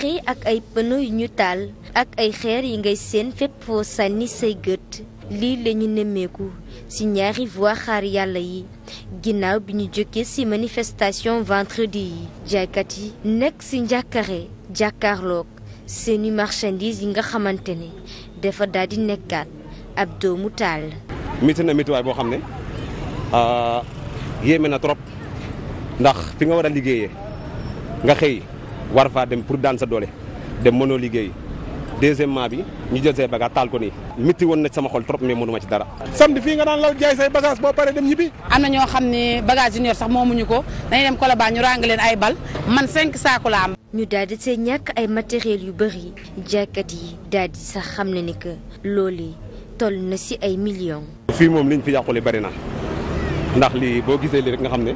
tiré ak ay pëno yu ñu taal ak ay xeer yi ngay seen fépp foo sànni say gët lii la ñu nemmeeku ci ñaari voie yàlla yi ginnaaw bi ñu jógee ci manifestation vendredi yi jaaykat yi nekk ci njàkkare jàkkaarloog seeni marchandises yi nga xamante ne dafa daal di nekkaat ab doomu taal. miti na mitiwaay boo xam ne ah, yéeme na trop ndax fi nga war a liggéeyee nga xëy. war faa dem pour daan sa doole dem mënoo liggéey deuxièmement bi ñu jël say bagage taal ko nii métti woon na sama xol trop mais mënuma ci dara. samedi fii nga daan law jaay say bagage boo paree dem ñibbi. am na ñoo xam ne bagage junior sax moomuñu ko dañuy dem Colobane ñu ràng leen ay bal man cinq saako la am. ñu daal di see ñàkk ay matériel yu bëri jaaykat yi daal di sax xam ne ni que loolu toll na si ay millions. fii moom liñ fi yàqule bari na ndax lii boo gisee lii nga xam ne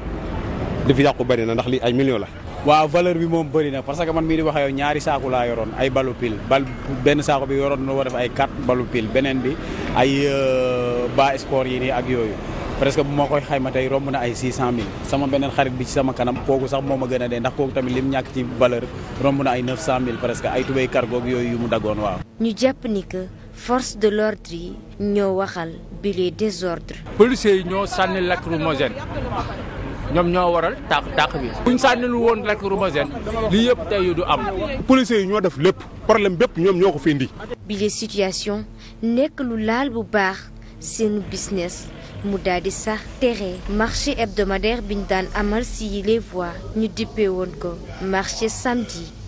li fi yàqu bari na ndax lii ay millions la. waaw valeur bi moom bëri na parce que man mii di wax yow ñaari saako laa yoroon ay balu bal benn saako bi yoroon na war def ay quatre balu pil beneen bi ay euh, ba sport yi nii ak yooyu presque bu ma koy xayma tey romb na ay 600000 sama beneen xarit bi ci sama kanam kooku sax moom ma gën a ndax kooku tamit lim ñàkk ci valeur romb na ay 900000 presque ay tubéy cargoog yooyu yu mu daggoon waaw. ñu jàpp ni que force de l'ordre yi ñoo waxal bi les désordres. policiers yi ñoo sànni lacrymogène ñoom ñoo waral tàq tàq bi buñ sànnilu woon rek rumagène lii yëpp tey du am policiers yi ñoo def lépp problème bépp ñoom ñoo ko fi indi bile situation nekk lu laal bu baax seen business mu daal di sax tere marché bi ñu daan amal si les voies ñu dippee woon ko marché samedi